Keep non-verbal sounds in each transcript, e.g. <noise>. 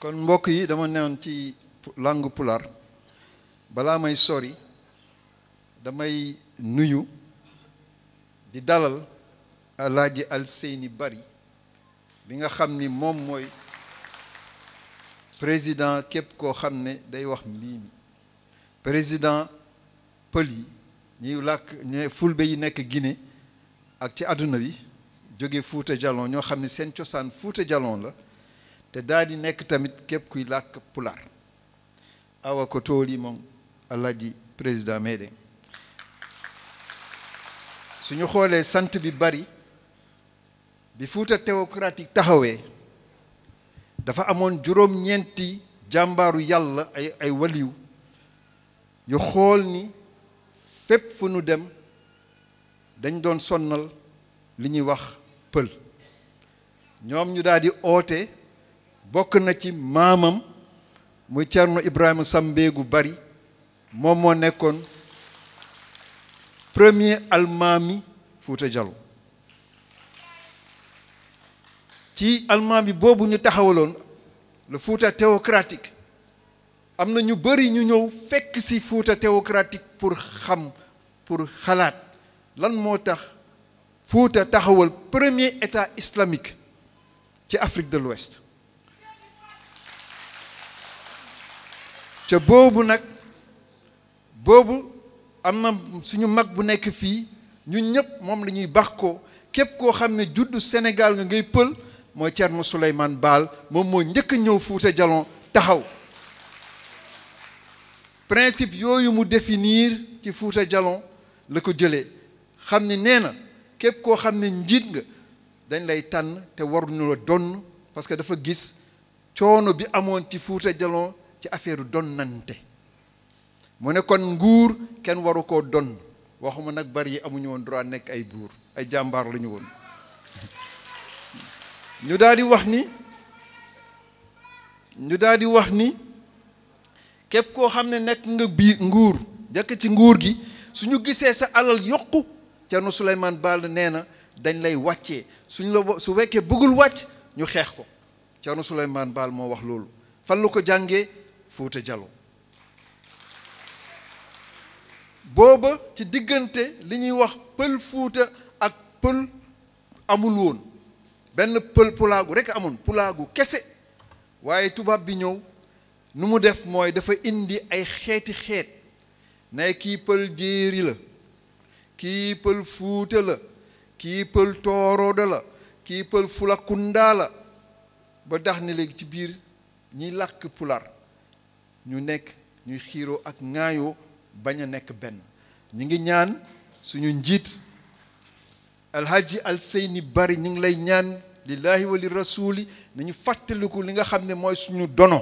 kon mbokk yi dama newoon ci langue pulaar balaa may sori damay nuyu di dalal alaaji seeni Bari bi nga xam ni moom mooy président képp koo xam ne day wax mbii mi président pël yi ñi làkk ñe fulbe yi nekk gine ak ci àdduna bi jóge Fuuta Jalon ñoo xam ne seen cosaan Fuuta Jalon la te daal di nekk tamit képp kuy làkk pulaar awa ko tool yi moom alaaji président meede suñu xoolee sant bi bari bi Fuuta théocratique taxawee dafa amoon juróom-ñeenti jàmbaaru yàlla ay ay waliw yu xool ni fépp fu ñu dem dañ doon sonnal li ñuy wax pël ñoom ñu daal oote bokk na ci maamam muy Cerno Ibrahima gu Bari moom moo nekkoon premier almaami Fuuta Jallo ci almaami boobu ñu taxawaloon le Fuuta théocratique am na ñu bëri ñu ñëw fekk si Fuuta théocratique pour xam pour xalaat lan moo tax Fuuta taxawal premier état islamique ci Afrique de l'Ouest te boobu nag boobu am na suñu mag bu nekk fii ñu ñëpp moom la ñuy ko képp koo xam ne juddu Sénégal nga ngay pël mooy Thierno Souleymane Baal moom moo njëkk ñëw Fuuta Jalon taxaw principe yooyu mu définir ci Fuuta Jalon la ko jëlee xam ne nee na képp koo xam ne njiit nga dañ lay tànn te waruñu la donn parce que dafa gis coono bi amoon ci Fuuta Jalon ci affaire donnante mu ne kon nguur kenn waru koo donn waxuma nag bari yi amuñu woon droit nekk ay buur ay jàmbaar lañu woon ñu daldi wax ni ñu daal wax ni képp koo xam ne nekk nga bii nguur jëkk ci nguur gi su ñu gisee sa alal yokku Thierno Souleymane Baal nee na dañ lay wàccee suñ la su wekkee bëggul wàcc ñu xeex ko Thierno Souleymane Baal moo wax loolu fan lu ko jàngee Fuuta Jallo booba ci diggante li ñuy wax pël Fuuta ak pël amul woon benn pël pulaagu rekk amoon pulaagu kese waaye tubaab bi ñëw nu mu def mooy dafa indi ay xeeti xeet ne kii pël jéeri la kii pël fuuta la kii pël toorodo la kii pël fulakundaa la ba dax ni léegi ci biir ñiy làkk pular ñu nekk ñuy xiiroo ak ŋaayoo bañ a nekk benn ñi ngi ñaan suñu njiit alhaji alseyni bari ñu ngi lay ñaan lillahi wa li rasuli nañu fàttaliku li nga xam ne mooy suñu dono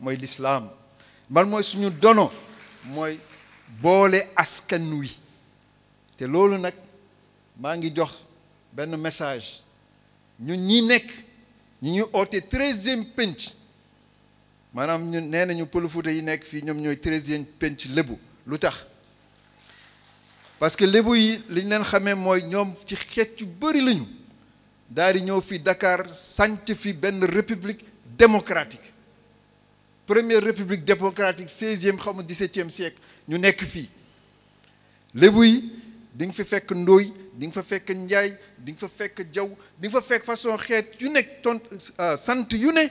mooy lislaam man mooy suñu dono mooy boole askan wi te loolu nag maa ngi jox benn message ñu ñi nekk ñu ñuy oote treizième pénc maanaam ñu nee nañu pël Fuuta yi nekk fii ñoom ñooy treizième pénc lébu lu tax parce que lébu yi li ñu leen xamee mooy ñoom ci xeet yu bëri lañu daal di ñëw fi dakaar sanc fi benn république démocratique première république démocratique seizième xaw ma dix-septième siècle ñu nekk fii lébu yi di nga fa fekk ndóoy di nga fa fekk njaay di nga fa fekk jaw di nga fa fekk façon xeet yu nekk euh, sant yu ne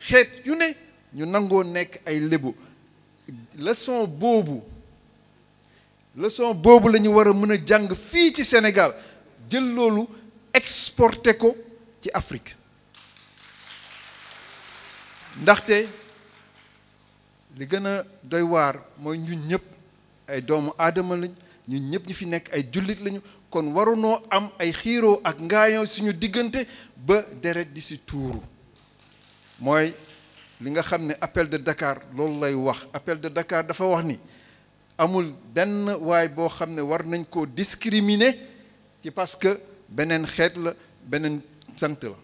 xeet yu ne ñu nangoo nekk ay lébu leçon boobu leçon boobu lañu ñu war a mën a jàng fii ci Sénégal jël loolu exporté ko ci Afrique ndaxte li gën a doy waar mooy ñun ñëpp ay doomu aadama lañ ñun ñëpp ñu fi nekk ay jullit lañu kon warunoo am ay xiiroo ak ngaayo suñu diggante ba deret di si tuuru mooy li nga xam ne appel de Dakar loolu lay wax appel de Dakar dafa wax ni amul benn waay boo xam ne war nañ ko discriminer ci parce que beneen xeet la beneen sant la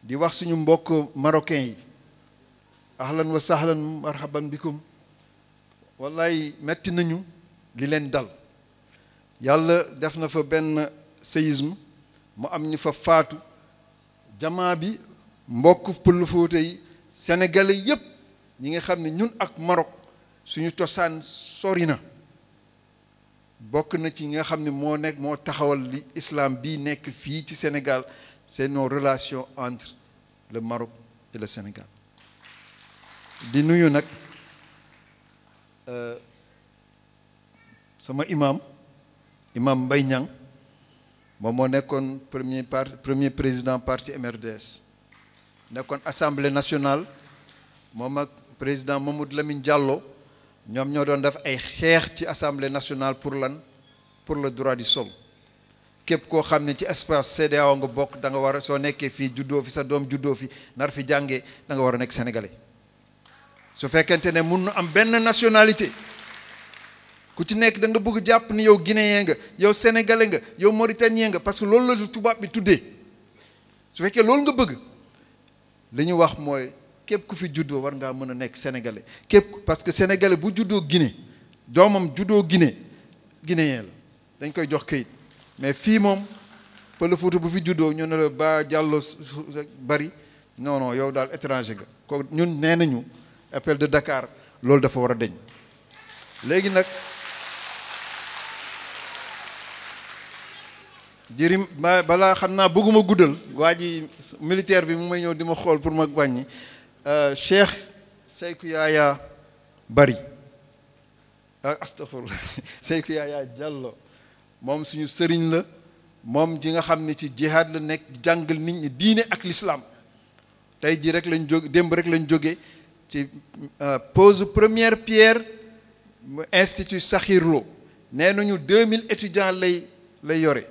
di wax suñu mbokk marocain yi ahlan wa sahlan marhaban bikum wallaay metti nañu li leen dal yàlla def na fa benn séisme mu am ñu fa faatu jamaa bi mbokk pël Fuuta yi yépp ñi nga xam ne ñun ak marok suñu cosaan sori na bokk na ci nga xam ni moo nekk moo taxawal li islam bi nekk fii ci Sénégal seen nos relations entre le Maroc et le Sénégal di nuyu nag euh, sama imam imam mbay Niang moom moo nekkoon premier par premier président parti MRDS nekkoon assemblée nationale moom ak président Mamadou Lamine jàlloo ñoom ñoo doon def ay xeex ci assemblée nationale pour lan pour le droit du sol képp koo xam ne ci espace wa nga bokk da nga war a soo nekkee fii juddoo fi sa doom juddoo fi nar fi jàngee da nga war a nekk sénégalais. su fekkente ne mun na am benn nationalité ku ci nekk da nga bëgg jàpp ni yow guinéen nga yow sénégalais nga yow mauritanien nga parce que loolu la tubaab bi tuddee su fekkee loolu nga bëgg li ñu wax mooy képp ku fi juddoo war ngaa mën a nekk sénégalais képp parce que sénégalais bu juddoo Guinée doomam juddoo Guinée guinéen la dañ koy jox këyit mais fii moom Pël Fuuta bu fi juddoo ñu ne la ba jàllo bari non non yow daal étranger nga ko ñun nee nañu appel de Dakar loolu dafa war a deñ léegi nag jërim ma balaa xam naa bëgguma guddal waa ji militaire bi mu may ñëw di ma xool pour mag wàññi euh, Cheikh Seyku Yaaya Bari ak ah, astafurlah <laughs> Seyku Yaaya Jàllo moom suñu sëriñ la moom ji nga xam ni ci jihaad la nekk jàngal nit ñi diine ak lislaam tey ji rek lañ jóg démb rek lañ jóge ci euh, pose première pierre mu institut Sakhir nee nañu 2000 étudiants lay lay yore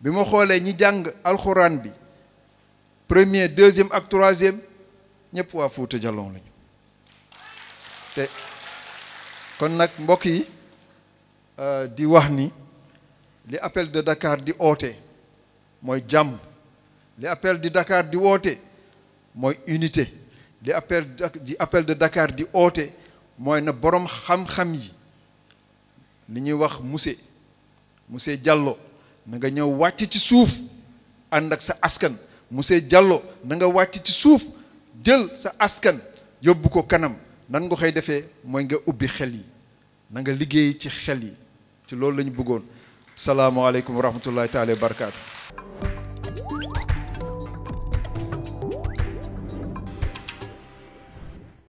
bi ma xoolee ñi jàng alxuraan bi premier deuxième ak troisième ñëpp waa Fuuta Jalon lañu te kon nag mbokk yi euh, di wax ni li appel de Dakar di oote mooy jàmm li appel di Dakar di woote mooy unité di appel di appel de Dakar di oote mooy na borom xam-xam yi li ñuy wax monsieur monsieur Diallo na nga ñëw wàcc ci suuf ànd ak sa askan monsieur Diallo na nga wàcc ci suuf jël sa askan yóbbu ko kanam nan nga koy defee mooy nga ubbi xel yi nanga liggéey ci xel yi ci loolu lañu ñu bëggoon salaamaaleykum wa rahmatullahi taala barakaatu.